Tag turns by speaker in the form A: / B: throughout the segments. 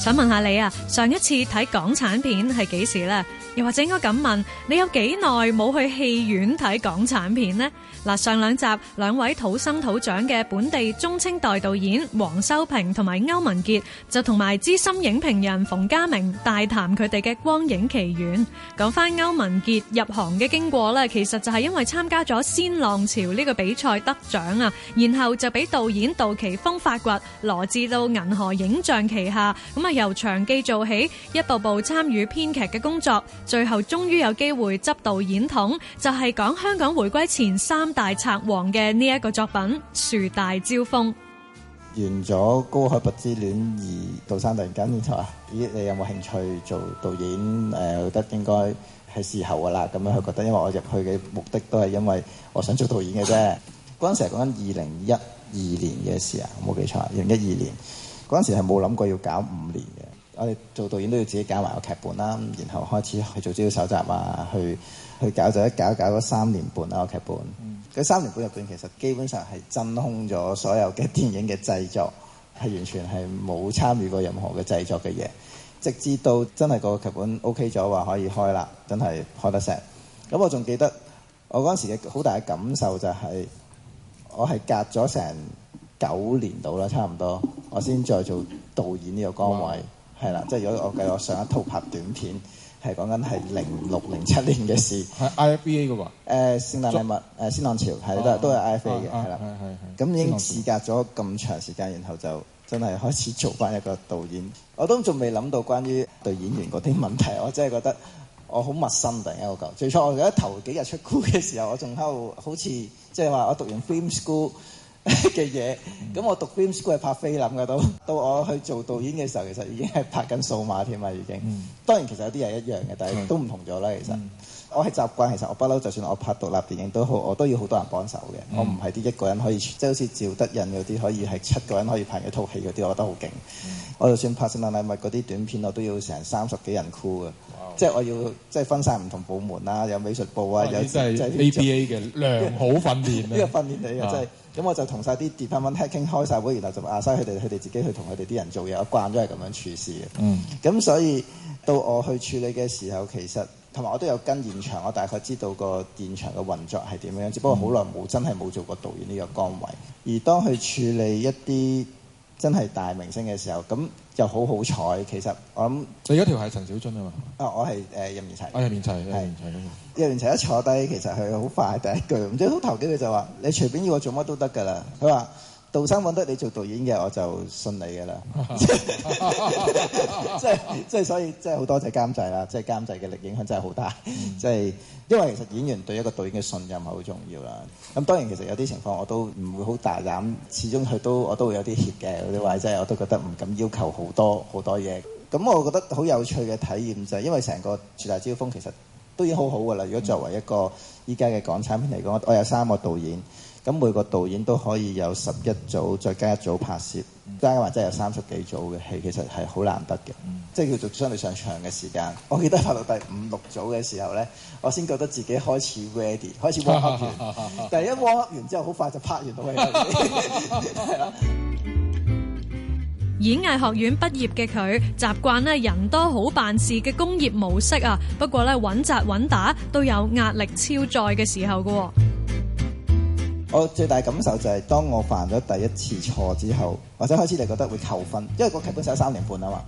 A: 想問下你啊，上一次睇港產片係幾時咧？又或者應該咁問，你有幾耐冇去戲院睇港產片呢？嗱，上兩集兩位土生土長嘅本地中青代導演黃修平同埋歐文傑就同埋資深影評人馮家明大談佢哋嘅光影奇緣。講翻歐文傑入行嘅經過咧，其實就係因為參加咗《仙浪潮》呢個比賽得獎啊，然後就俾導演杜琪峰發掘，羅致到銀河影像旗下，咁啊由場記做起，一步步參與編劇嘅工作，最後終於有機會執導演筒，就係講香港回歸前三大賊王嘅呢一個作品《樹大招風》，
B: 完咗《高海拔之戀》，而杜生突然間就話啊，咦，你有冇興趣做導演？誒、呃，覺得應該係時候噶啦。咁樣佢覺得，因為我入去嘅目的都係因為我想做導演嘅啫。嗰陣 時係講緊二零一二年嘅事啊，冇記錯二零一二年嗰陣時係冇諗過要搞五年嘅。我哋做導演都要自己搞埋個劇本啦，然後開始去做資料搜集啊，去去搞就一搞搞咗三年半啊個劇本。佢三年半入面，其實基本上係真空咗所有嘅電影嘅製作，係完全係冇參與過任何嘅製作嘅嘢，直至到真係個劇本 OK 咗話可以開啦，真係開得成。咁我仲記得我嗰陣時嘅好大嘅感受就係、是、我係隔咗成九年度啦，差唔多，我先再做導演呢個崗位，係啦哇，即係如果我計我上一套拍短片。係講緊係零六零七年嘅事，係 IFA b 嘅喎。誒聖誕、呃、禮物，誒、呃、新浪潮係、啊、都係都係 IFA 嘅，係啦。咁已經事隔咗咁長時間，然後就真係開始做翻一個導演。我都仲未諗到關於對演員嗰啲問題，我真係覺得我好陌生，突然間嗰嚿。最初我記得頭幾日出 o 估嘅時候，我仲喺度好似即係話我讀完 film school。嘅嘢，咁 西、嗯、我讀 film school 係拍菲林噶到到我去做導演嘅時候，其實已經係拍緊數碼添啊，已經、嗯、當然其實有啲係一樣嘅，但係都唔同咗啦，嗯、其實。嗯我係習慣，其實我不嬲，就算我拍獨立電影都好，我都要好多人幫手嘅。嗯、我唔係啲一個人可以，即係好似趙德胤嗰啲可以係七個人可以拍一套戲嗰啲，我覺得好勁。嗯、我就算拍聖誕禮物嗰啲短片，我都要成三十幾人 crew 嘅，Wow 即係我要即係、就是、分散唔同部門啦，有美術部啊，有即係、啊就是、A B A 嘅良好訓練，呢 個訓練嚟嘅即係。咁、啊就是、我就同晒啲 department head 傾開晒會，然後就阿西：「佢哋，佢哋自己去同佢哋啲人做嘢。我慣都係咁樣處事嘅。嗯，咁所以到我去處理嘅時候，其實。同埋我都有跟現場，我大概知道個現場嘅運作係點樣。只不過好耐冇真係冇做過導演呢個崗位。而當佢處理一啲真係大明星嘅時候，咁又好好彩。其實我諗，你嗰條係陳小春啊嘛？啊，我係誒任賢齊，我任賢齊，任賢齊任賢齊，齊一坐低，其實佢好快第一句，唔知好頭幾句就話：你隨便要我做乜都得㗎啦。佢話。杜生揾得你做導演嘅，我就信你㗎啦。即係即係，所以即係好多謝監製啦。即係監製嘅力影響真係好大。即係、嗯、因為其實演員對一個導演嘅信任係好重要啦。咁當然其實有啲情況我都唔會好大膽，始終佢都我都會有啲怯嘅。有啲話即係我都覺得唔敢要求好多好多嘢。咁我覺得好有趣嘅體驗就係因為成個《樹大招風》其實都已經好好㗎啦。如果作為一個依家嘅港產片嚟講，我我有三個導演。咁每個導演都可以有十一組，再加一組拍攝，嗯、加埋真係有三十幾組嘅戲，其實係好難得嘅，嗯、即係叫做相對上長嘅時間。我記得拍到第五六組嘅時候咧，我先覺得自己開始 ready，開始 warm up 完， 但係一 warm up 完之後，好快就拍完到咗嘅。
A: 演藝學院畢業嘅佢，習慣咧人多好辦事嘅工業模式啊，不過咧穩紮穩打都有壓力超載嘅時候嘅。
B: 我最大感受就係、是，當我犯咗第一次錯之後，或者開始你覺得會扣分，因為個劇本有三年半啊嘛。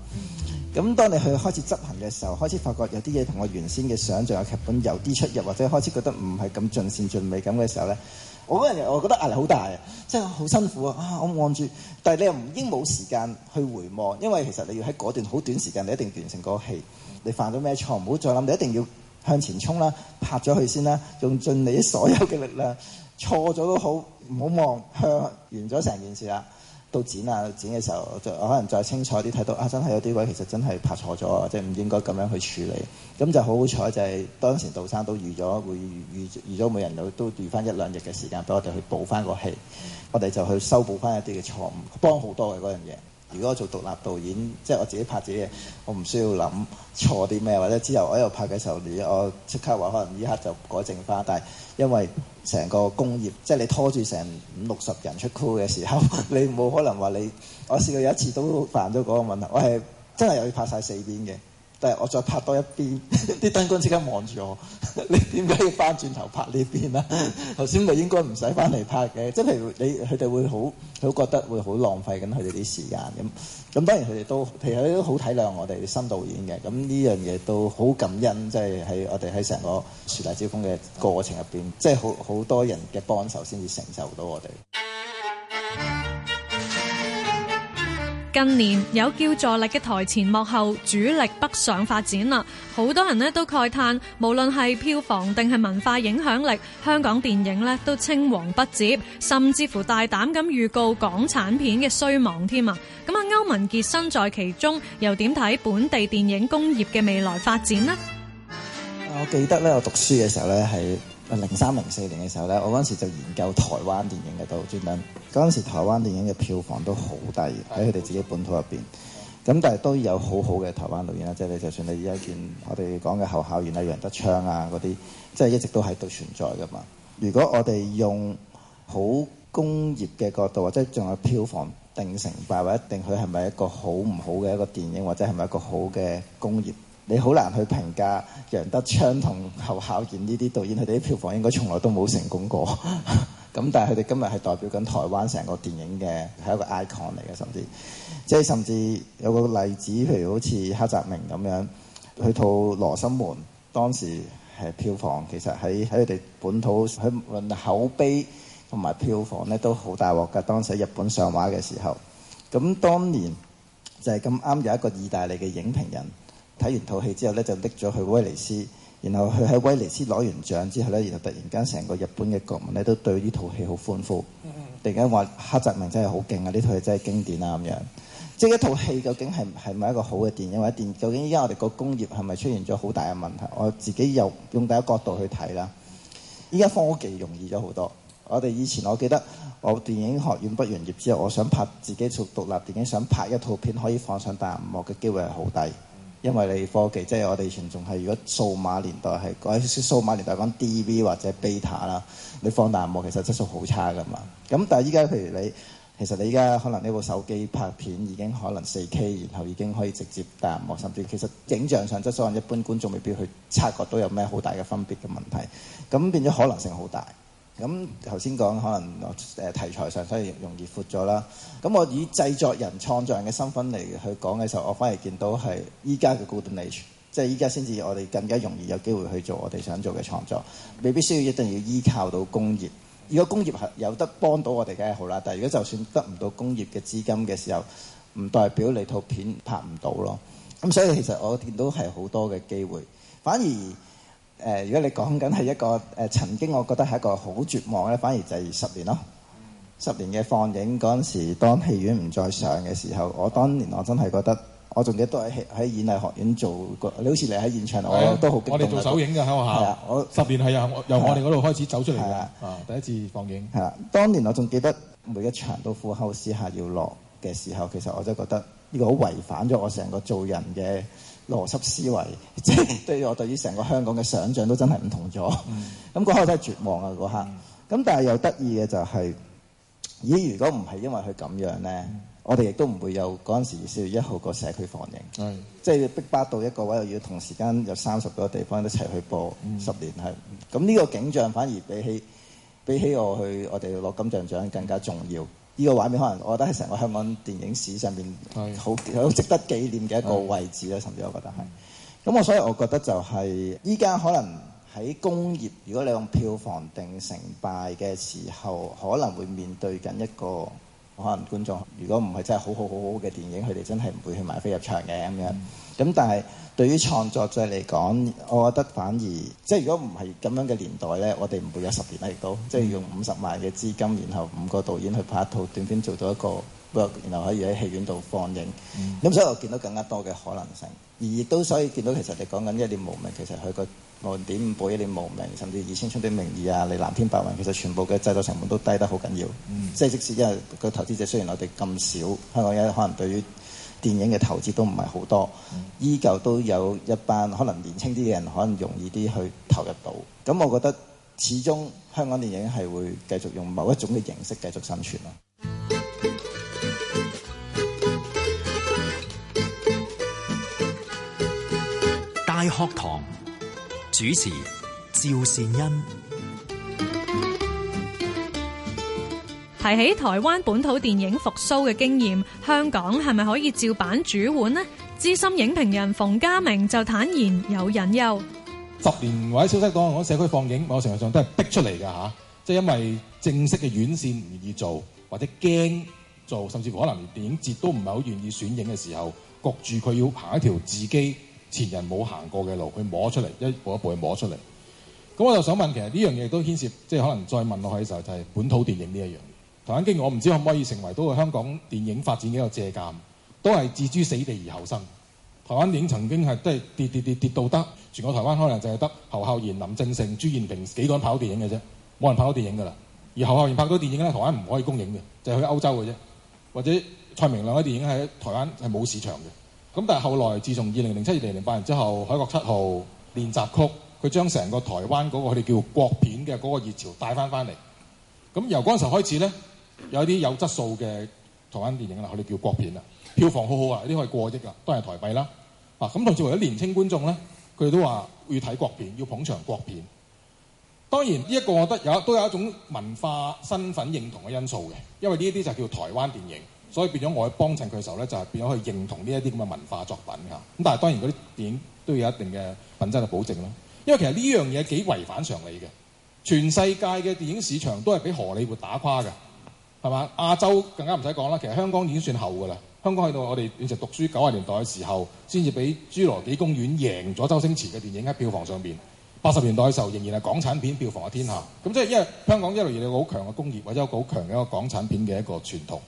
B: 咁 當你去開始執行嘅時候，開始發覺有啲嘢同我原先嘅想像嘅劇本有啲出入，或者開始覺得唔係咁盡善盡美咁嘅時候呢，我嗰陣我覺得壓力好大，即係好辛苦啊！啊，我望住，但係你又唔應冇時間去回望，因為其實你要喺嗰段好短時間，你一定完成個戲。你犯咗咩錯？唔好再諗，你一定要向前衝啦，拍咗佢先啦，用盡你所有嘅力量。錯咗都好，唔好望向完咗成件事啦，到剪啊剪嘅時候，就可能再清楚啲睇到啊，真係有啲位其實真係拍錯咗，即係唔應該咁樣去處理。咁就好好彩就係當時杜生都預咗會預預咗每人都都預翻一兩日嘅時間俾我哋去補翻個戲，嗯、我哋就去修補翻一啲嘅錯誤，幫好多嘅嗰樣嘢。如果我做獨立導演，即係我自己拍自己嘢，我唔需要諗錯啲咩，或者之後我喺度拍嘅時候，我即刻話可能呢刻就改正返。但係因為成個工業，即係你拖住成五六十人出 call 嘅時候，你冇可能話你，我試過有一次都犯咗嗰個問題。我係真係又要拍晒四邊嘅。但係我再拍多一邊，啲 燈光即刻望住我， 你點解要翻轉頭拍呢邊咧？頭先咪應該唔使翻嚟拍嘅。即係 你佢哋會好，佢覺得會好浪費緊佢哋啲時間。咁咁當然佢哋都，其實都好體諒我哋新導演嘅。咁呢樣嘢都好感恩，即係喺我哋喺成個樹大招風嘅過程入邊，即係好好多人嘅幫手先至承受到我哋。
A: 近年有叫座力嘅台前幕後主力北上發展啊，好多人咧都慨嘆，無論係票房定係文化影響力，香港電影咧都青黃不接，甚至乎大膽咁預告港產片嘅衰亡添啊！咁啊，歐文傑身在其中，又點睇本地電影工業嘅未來發展呢？
B: 我記得咧，我讀書嘅時候咧係。零三零四年嘅時候呢，我嗰陣時就研究台灣電影嘅都專登。嗰陣時台灣電影嘅票房都好低，喺佢哋自己本土入邊。咁但係都有好好嘅台灣導演啦，即係你就算你而家見我哋講嘅侯孝賢啊、楊德昌啊嗰啲，即係一直都喺度存在噶嘛。如果我哋用好工業嘅角度，或者仲有票房定成敗，或者定佢係咪一個好唔好嘅一個電影，或者係咪一個好嘅工業？你好難去評價楊德昌同侯孝賢呢啲導演，佢哋啲票房應該從來都冇成功過，咁 但係佢哋今日係代表緊台灣成個電影嘅係一個 icon 嚟嘅，甚至即係甚至有個例子，譬如好似黑澤明咁樣，佢套《羅生門》當時係票房其實喺喺佢哋本土喺論口碑同埋票房咧都好大鑊噶。當時喺日本上畫嘅時候，咁當年就係咁啱有一個意大利嘅影評人。睇完套戲之後咧，就拎咗去威尼斯。然後佢喺威尼斯攞完獎之後咧，然後突然間成個日本嘅國民咧都對呢套戲好歡呼，突然間話黑澤明真係好勁啊！呢套戲真係經典啊咁樣。即係一套戲究竟係係咪一個好嘅電影或者電影？究竟依家我哋個工業係咪出現咗好大嘅問題？我自己又用第一角度去睇啦。依家科技容易咗好多。我哋以前，我記得我電影學院畢完業之後，我想拍自己做獨立電影，想拍一套片可以放上大銀幕嘅機會係好低。因為你科技，即係我哋以前仲係，如果數碼年代係講數碼年代講 D V 或者 beta 啦，你放大幕其實質素好差噶嘛。咁但係依家譬如你，其實你依家可能你部手機拍片已經可能四 k 然後已經可以直接大幕，甚至其實影像上質素，一般觀眾未必去察覺到有咩好大嘅分別嘅問題。咁變咗可能性好大。咁頭先講可能誒題材上所以容易闊咗啦。咁我以製作人、創作人嘅身份嚟去講嘅時候，我反而見到係依家嘅 Golden Age，即係依家先至我哋更加容易有機會去做我哋想做嘅創作。未必需要一定要依靠到工業。如果工業係有得幫到我哋，梗係好啦。但係如果就算得唔到工業嘅資金嘅時候，唔代表你套片拍唔到咯。咁所以其實我見到係好多嘅機會，反而。誒、呃，如果你講緊係一個誒、呃，曾經我覺得係一個好絕望咧，反而就係十年咯。嗯、十年嘅放映嗰陣時，當戲院唔再上嘅時候，嗯、我當年我真係覺得，我仲記得都係喺演藝學院做過，你好似你喺現場，啊、我都好激動。我哋做首映㗎喺學校。係啊，
C: 我十年係啊，由我哋嗰度開始走出嚟嘅。啊、啊，第一次放映。係啦、啊，
B: 當年我仲記得每一場都苦口試下要落嘅時候，其實我真係覺得呢個好違反咗我成個做人嘅。邏輯思維，即、就、係、是、對我對於成個香港嘅想像都真係唔同咗。咁嗰、嗯、刻真係絕望啊！嗰刻，咁、嗯、但係又得意嘅就係、是，咦？如果唔係因為佢咁樣呢，嗯、我哋亦都唔會有嗰陣時四月一號個社區放映。即係、嗯、逼巴到一個位，又要同時間有三十個地方一齊去播十、嗯、年係。咁呢個景象反而比起比起我去我哋攞金像獎更加重要。呢個畫面可能我覺得係成個香港電影史上面好好是值得紀念嘅一個位置啦，是甚至我覺得係。咁。我所以我覺得就係依家可能喺工業，如果你用票房定成敗嘅時候，可能會面對緊一個。可能觀眾如果唔係真係好好好好嘅電影，佢哋真係唔會去買飛入場嘅咁樣。咁、mm hmm. 但係對於創作者嚟講，我覺得反而即係如果唔係咁樣嘅年代咧，我哋唔會有十年嚟到，mm hmm. 即係用五十萬嘅資金，然後五個導演去拍一套短片，做到一個 work，然後可以喺戲院度放映。咁、mm hmm. 所以我見到更加多嘅可能性，而亦都所以見到其實你講緊一點無名，其實佢個。無論點一念無明，甚至以青春的名義啊，你藍天白雲，其實全部嘅製作成本都低得好緊要。即係、嗯、即使因為個投資者雖然我哋咁少，香港人可能對於電影嘅投資都唔係好多，嗯、依舊都有一班可能年輕啲嘅人可能容易啲去投入到。咁我覺得始終香港電影係會繼續用某一種嘅形式繼續生存咯。
D: 大學堂。主持趙善恩
A: 提起台灣本土電影復蘇嘅經驗，香港係咪可以照版煮碗呢？資深影評人馮家明就坦言有隱憂。
C: 十年或者消息講，講社區放映，某程度上都係逼出嚟嘅吓，即係因為正式嘅院線唔願意做，或者驚做，甚至乎可能連電影節都唔係好願意選影嘅時候，焗住佢要排一條自己。前人冇行過嘅路，佢摸出嚟，一步一步去摸出嚟。咁我就想問，其實呢樣嘢都牽涉，即係可能再問落去嘅時候，就係、係、本土電影呢一樣。台灣經我唔知可唔可以成為到個香港電影發展嘅一個借鑑，都係置諸死地而後生。台灣電影曾經係都係跌跌跌跌，跌到得，全個台灣可能淨係得侯孝賢、林正盛、朱延平幾個人拍到電影嘅啫，冇人拍到電影㗎喇。而侯孝賢拍到電影咧，台灣唔可以公映嘅，就係、去歐洲嘅啫，或者蔡明亮嘅電影喺台灣係冇市場嘅。咁但係後來自從二零零七、二零零八年之後，《海角七號》練習曲，佢將成個台灣嗰、那個佢哋叫國片嘅嗰個熱潮帶返返嚟。咁由嗰陣時候開始呢，有啲有質素嘅台灣電影啦，佢哋叫國片啦，票房很好好啊，啲係過億啊，都係台幣啦。啊，咁同時為咗年輕觀眾呢，佢哋都話要睇國片，要捧場國片。當然呢一個，我覺得有都有一種文化身份認同嘅因素嘅，因為呢啲就叫台灣電影。所以變咗，我去幫襯佢嘅時候咧，就係、是、變咗去認同呢一啲咁嘅文化作品嚇。咁但係當然嗰啲電影都要有一定嘅品質嘅保證啦。因為其實呢樣嘢幾違反常理嘅，全世界嘅電影市場都係俾荷里活打垮㗎，係嘛？亞洲更加唔使講啦。其實香港已經算後㗎啦。香港去到我哋以前讀書九十年代嘅時候，先至俾《侏羅紀公園》贏咗周星馳嘅電影喺票房上邊。八十年代嘅時候，仍然係港產片票房嘅天下。咁即係因為香港一路以嚟有好強嘅工業，或者有一個好強嘅一個港產片嘅一個傳統。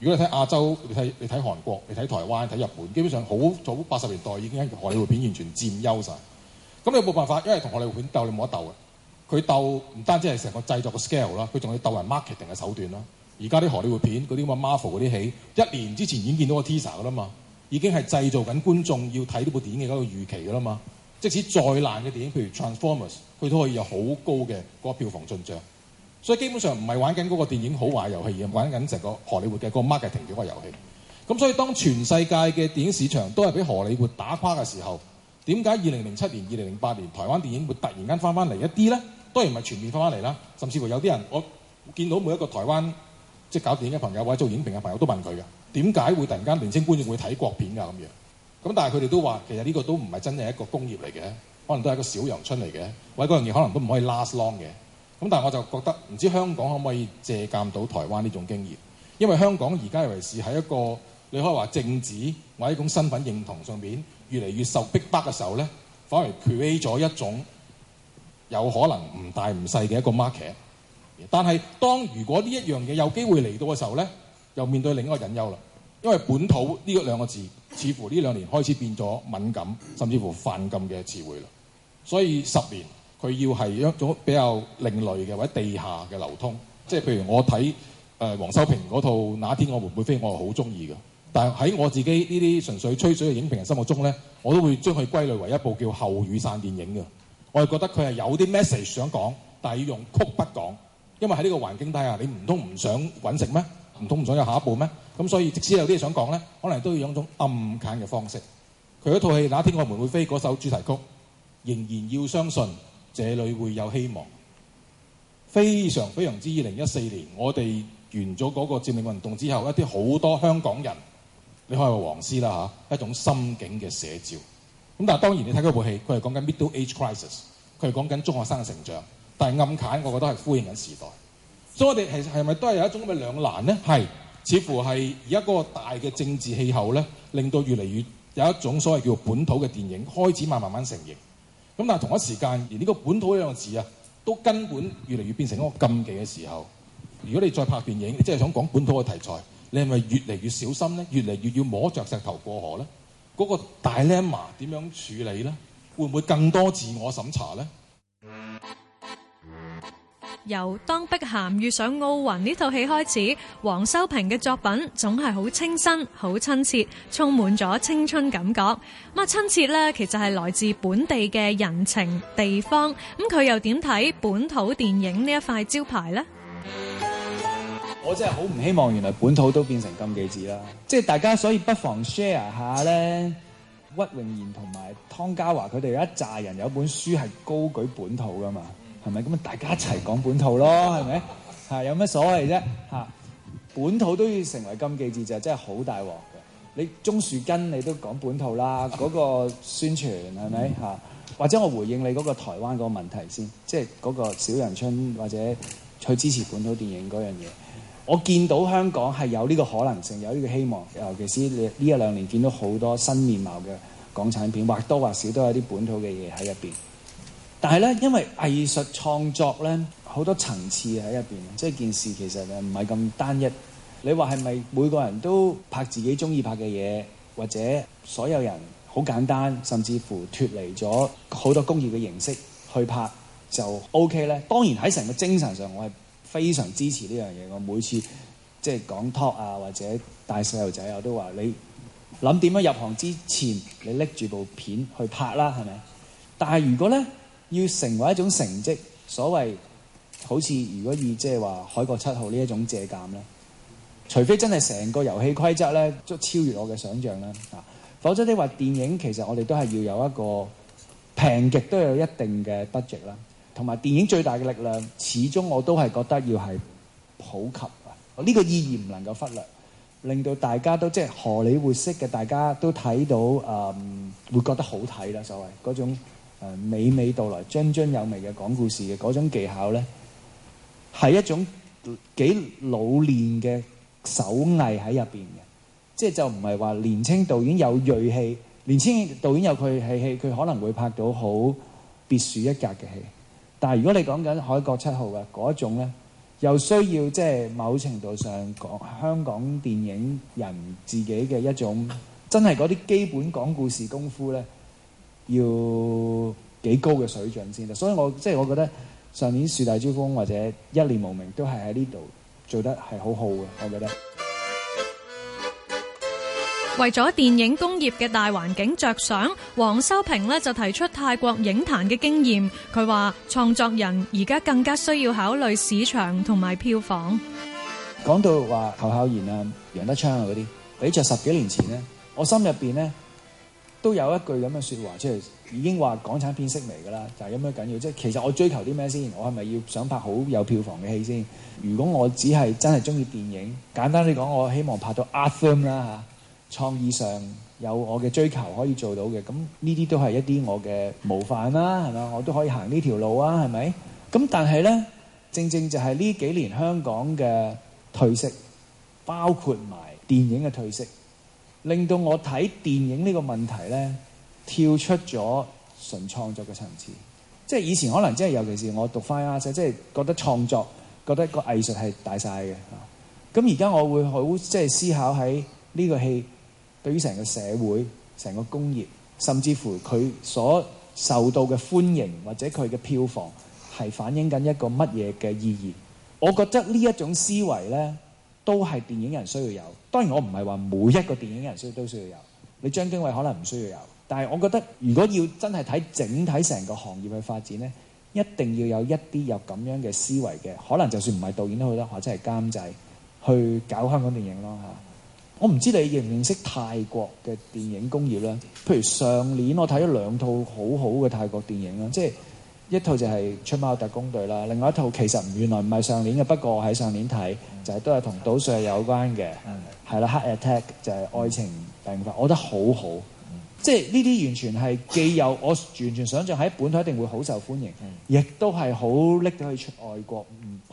C: 如果你睇亞洲，你睇你睇韓國，你睇台灣，睇日本，基本上好早八十年代已經係荷里活片完全佔優晒。咁你有冇辦法？因為同荷里活片鬥你冇得鬥嘅。佢鬥唔單止係成個製作嘅 scale 啦，佢仲要鬥埋 marketing 嘅手段啦。而家啲荷里活片嗰啲咁嘅 Marvel 嗰啲戲，一年之前已經見到個 teaser 嘅啦嘛，已經係製造緊觀眾要睇呢部電影嗰個預期嘅啦嘛。即使再爛嘅電影，譬如 Transformers，佢都可以有好高嘅嗰個票房進帳。所以基本上唔係玩緊嗰個電影好壞遊戲，而係玩緊成個荷里活嘅個 marketing 嘅個遊戲。咁所以當全世界嘅電影市場都係俾荷里活打垮嘅時候，點解二零零七年、二零零八年台灣電影會突然間翻翻嚟一啲咧？當然唔係全面翻翻嚟啦。甚至乎有啲人我見到每一個台灣即係、就是、搞電影嘅朋友或者做影評嘅朋友都問佢嘅點解會突然間年輕觀眾會睇國片㗎咁樣。咁但係佢哋都話其實呢個都唔係真係一個工業嚟嘅，可能都係一個小陽春嚟嘅，或者嗰樣嘢可能都唔可以 last long 嘅。咁但係我就覺得唔知香港可唔可以借鑑到台灣呢種經驗，因為香港而家尤其是喺一個你可以話政治或者一種身份認同上邊越嚟越受逼迫嘅時候咧，反而 create 咗一種有可能唔大唔細嘅一個 market。但係當如果呢一樣嘢有機會嚟到嘅時候咧，又面對另一個隱憂啦，因為本土呢個兩個字似乎呢兩年開始變咗敏感，甚至乎犯禁嘅詞彙啦。所以十年。佢要係一種比較另類嘅或者地下嘅流通，即係譬如我睇誒、呃、黃修平嗰套《哪天我們會飛》，我係好中意嘅。但喺我自己呢啲純粹吹水嘅影評人心目中咧，我都會將佢歸類為一部叫後雨傘電影嘅。我係覺得佢係有啲 message 想講，但係要用曲筆講，因為喺呢個環境底下，你唔通唔想揾食咩？唔通唔想有下一步咩？咁所以即使有啲嘢想講咧，可能都要用一種暗揀嘅方式。佢嗰套戲《哪天我們會飛》嗰首主題曲，仍然要相信。這裏會有希望，非常非常之。二零一四年，我哋完咗嗰個佔領運動之後，一啲好多香港人，你可以話黃絲啦嚇，一種心境嘅寫照。咁但係當然你睇嗰部戲，佢係講緊 Middle Age Crisis，佢係講緊中學生嘅成長，但係暗坎，我覺得係呼應緊時代。所以我哋其實係咪都係有一種咁嘅兩難呢？係，似乎係而家個大嘅政治氣候咧，令到越嚟越有一種所謂叫本土嘅電影開始慢慢慢慢成形。咁但係同一時間，而呢個本土呢樣字啊，都根本越嚟越變成一個禁忌嘅時候。如果你再拍電影，即係想講本土嘅題材，你係咪越嚟越小心咧？越嚟越要摸着石頭過河咧？嗰、嗰個 dilemma 點樣處理咧？會唔會更多自我審查咧？
A: 由《當碧咸遇上奧雲》呢套戲開始，黃修平嘅作品總係好清新、好親切，充滿咗青春感覺。咁親切咧，其實係來自本地嘅人情地方。咁佢又點睇本土電影呢一塊招牌呢？
D: 我真係好唔希望，原來本土都變成禁忌字啦！即係大家，所以不妨 share 下咧，屈永賢同埋湯家驊佢哋有一紮人有本書係高舉本土噶嘛。係咪咁大家一齊講本土咯，係咪？嚇，有乜所謂啫？嚇，本土都要成為禁忌字就真係好大鑊嘅。你鍾樹根你都講本土啦，嗰、那個宣傳係咪？嚇，嗯、或者我回應你嗰個台灣個問題先，即係嗰個小陽春或者去支持本土電影嗰樣嘢。我見到香港係有呢個可能性，有呢個希望。尤其是呢一兩年見到好多新面貌嘅港產片，或多或少都有啲本土嘅嘢喺入邊。但係咧，因為藝術創作咧，好多層次喺入邊，即係件事其實誒唔係咁單一。你話係咪每個人都拍自己中意拍嘅嘢，或者所有人好簡單，甚至乎脱離咗好多工業嘅形式去拍就 OK 咧？當然喺成個精神上，我係非常支持呢樣嘢。我每次即係講 talk 啊，或者帶細路仔我都話你諗點樣入行之前，你拎住部片去拍啦，係咪？但係如果咧，要成為一種成績，所謂好似如果以即係話《海角七號》呢一種借鑑呢，除非真係成個遊戲規則呢都超越我嘅想象啦、啊。否則你話電影其實我哋都係要有一個平極都有一定嘅 budget 啦，同埋電影最大嘅力量，始終我都係覺得要係普及啊，呢個意義唔能夠忽略，令到大家都即係荷里活式嘅大家都睇到啊、嗯，會覺得好睇啦，所謂嗰種。誒娓娓道來、津津有味嘅講故事嘅嗰種技巧咧，係一種幾老練嘅手藝喺入邊嘅，即係就唔係話年青導演有鋭氣，年青導演有佢戲戲，佢可能會拍到好別樹一格嘅戲。但係如果你講緊《海角七號》嘅嗰種咧，又需要即係某程度上講香港電影人自己嘅一種真係嗰啲基本講故事功夫咧。要幾高嘅水準先得，所以我即係我覺得上年樹大招風或者一念無明都係喺呢度做得係好好嘅，我覺得。
A: 為咗電影工業嘅大環境着想，黃修平咧就提出泰國影壇嘅經驗。佢話：創作人而家更加需要考慮市場同埋票房。
D: 講到話侯孝賢啊、楊德昌啊嗰啲，比著十幾年前咧，我心入面咧。都有一句咁嘅説話出嚟，已經話港產片式微㗎啦，就係有咩緊要？即係其實我追求啲咩先？我係咪要想拍好有票房嘅戲先？如果我只係真係中意電影，簡單啲講，我希望拍到 art film 啦嚇，創意上有我嘅追求可以做到嘅。咁呢啲都係一啲我嘅模範啦，係嘛？我都可以行呢條路啊，係咪？咁但係呢，正正就係呢幾年香港嘅退色，包括埋電影嘅退色。令到我睇電影呢個問題呢，跳出咗純創作嘅層次，即係以前可能即係，尤其是我讀翻啲阿即係覺得創作，覺得個藝術係大晒嘅。咁而家我會好即係思考喺呢個戲對於成個社會、成個工業，甚至乎佢所受到嘅歡迎或者佢嘅票房，係反映緊一個乜嘢嘅意義？我覺得呢一種思維呢。都係電影人需要有，當然我唔係話每一個電影人需都需要有。你張經偉可能唔需要有，但係我覺得如果要真係睇整體成個行業嘅發展呢，一定要有一啲有咁樣嘅思維嘅，可能就算唔係導演都好啦，或者係監製去搞香港電影咯嚇。我唔知你認唔認識泰國嘅電影工業咧？譬如上年我睇咗兩套好好嘅泰國電影啦，即係。一套就係《出貓特工隊》啦，另外一套其實原來唔係上年嘅，不過喺上年睇，mm hmm. 就係都係同賭術有關嘅，係啦、mm，hmm.《Heart Attack》就係愛情病發，我覺得好好，mm hmm. 即係呢啲完全係既有我完全想象喺本土一定會好受歡迎，亦、mm hmm. 都係好拎到去出外國，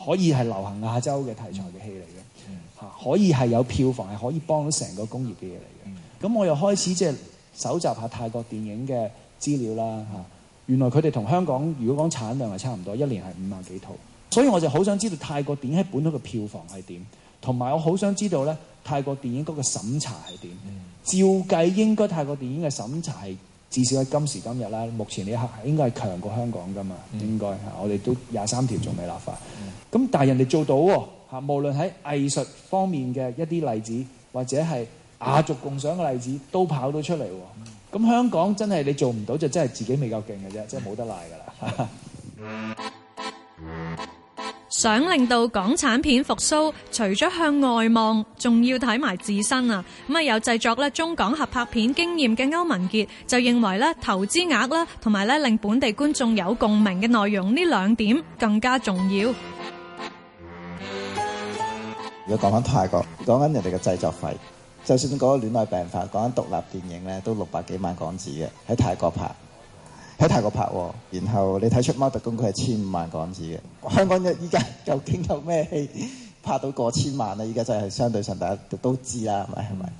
D: 可以係流行亞洲嘅題材嘅戲嚟嘅，嚇、mm hmm. 可以係有票房係可以幫到成個工業嘅嘢嚟嘅。咁、mm hmm. 我又開始即係搜集下泰國電影嘅資料啦，嚇、mm。Hmm. 原來佢哋同香港如果講產量係差唔多，一年係五萬幾套，所以我就好想知道泰國電影喺本土嘅票房係點，同埋我好想知道咧泰國電影嗰個審查係點。嗯、照計應該泰國電影嘅審查係至少喺今時今日啦，目前呢一刻應該係強過香港㗎嘛，嗯、應該嚇我哋都廿三條仲未立法，咁、嗯、但係人哋做到喎嚇，無論喺藝術方面嘅一啲例子，或者係雅俗共賞嘅例子，都跑到出嚟喎。咁香港真係你做唔到，就真係自己未夠勁嘅啫，即係冇得賴噶啦。
A: 想令到港產片復甦，除咗向外望，仲要睇埋自身啊！咁啊，有製作咧中港合拍片經驗嘅歐文傑就認為咧，投資額啦，同埋咧令本地觀眾有共鳴嘅內容呢兩點更加重要。
B: 如果講翻泰國，講緊人哋嘅製作費。就算講緊戀愛病發，講獨立電影咧都六百幾萬港紙嘅，喺泰國拍，喺泰國拍喎、哦。然後你睇出貓特工佢係千五萬港紙嘅，香港一依家究竟有咩戲拍到過千萬咧？依家真係相對上大家都知啦，係咪？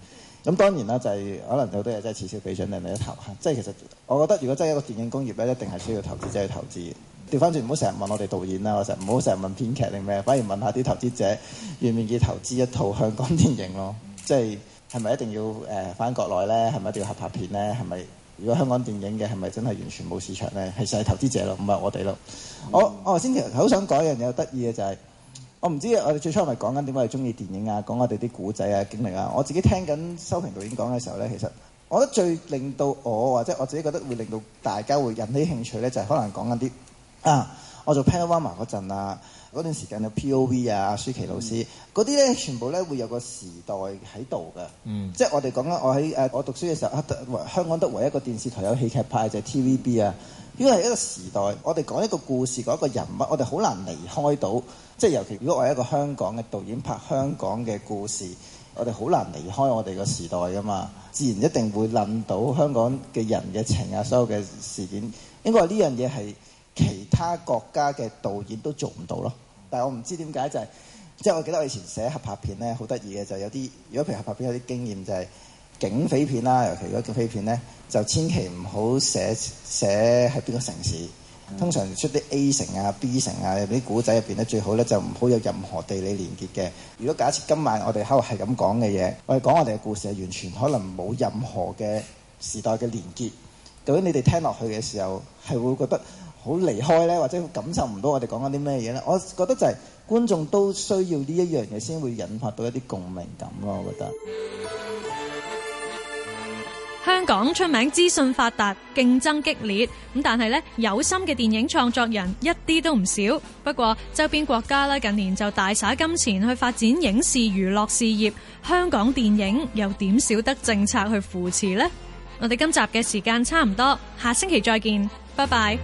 B: 咁當然啦，就係、是、可能有啲嘢真係此消彼長另一頭。即係其實我覺得，如果真係一個電影工業咧，一定係需要投資者去投資。調翻轉唔好成日問我哋導演啦，我成日唔好成日問編劇定咩，反而問下啲投資者願唔願，願意投資一套香港電影咯，即係。係咪一定要誒返國內咧？係咪一定要合拍片咧？係咪如果香港電影嘅係咪真係完全冇市場咧？係曬投資者咯，唔係我哋咯、嗯。我、就是、我頭先其實好想講一樣嘢，得意嘅就係我唔知我哋最初係咪講緊點解係鍾意電影啊，講我哋啲古仔啊，經歷啊。我自己聽緊修平導演講嘅時候咧，其實我覺得最令到我或者我自己覺得會令到大家會引起興趣咧，就係、是、可能講緊啲啊，我做 Panorama 嗰陣啊。嗰段時間嘅 P.O.V. 啊，舒淇老師嗰啲咧，全部咧會有個時代喺度嘅，嗯、即係我哋講緊我喺誒我讀書嘅時候，啊、香港得唯一一個電視台有戲劇拍就係、是、T.V.B. 啊，因為係一個時代，我哋講一個故事，講一個人物，我哋好難離開到，即係尤其如果我係一個香港嘅導演拍香港嘅故事，我哋好難離開我哋個時代㗎嘛，自然一定會諗到香港嘅人嘅情啊，所有嘅事件，應該話呢樣嘢係其他國家嘅導演都做唔到咯。但我唔知點解就係即係我記得我以前寫合拍片咧，好得意嘅就係有啲，如果譬如合拍片有啲經驗就係警匪片啦，尤其嗰警匪片咧，就千祈唔好寫寫喺邊個城市，通常出啲 A 城啊、B 城啊，入啲古仔入邊咧，最好咧就唔好有任何地理連結嘅。如果假設今晚我哋喺度係咁講嘅嘢，我哋講我哋嘅故事係完全可能冇任何嘅時代嘅連結，究竟你哋聽落去嘅時候係會覺得，好離開咧，或者感受唔到我哋講緊啲咩嘢咧？我覺得就係觀眾都需要呢一樣嘢，先會引發到一啲共鳴感咯。我
A: 覺得香港出名資訊發達，競爭激烈咁，但係呢有心嘅電影創作人一啲都唔少。不過周邊國家呢，近年就大灑金錢去發展影視娛樂事業，香港電影又點少得政策去扶持呢？我哋今集嘅時間差唔多，下星期再見，拜拜。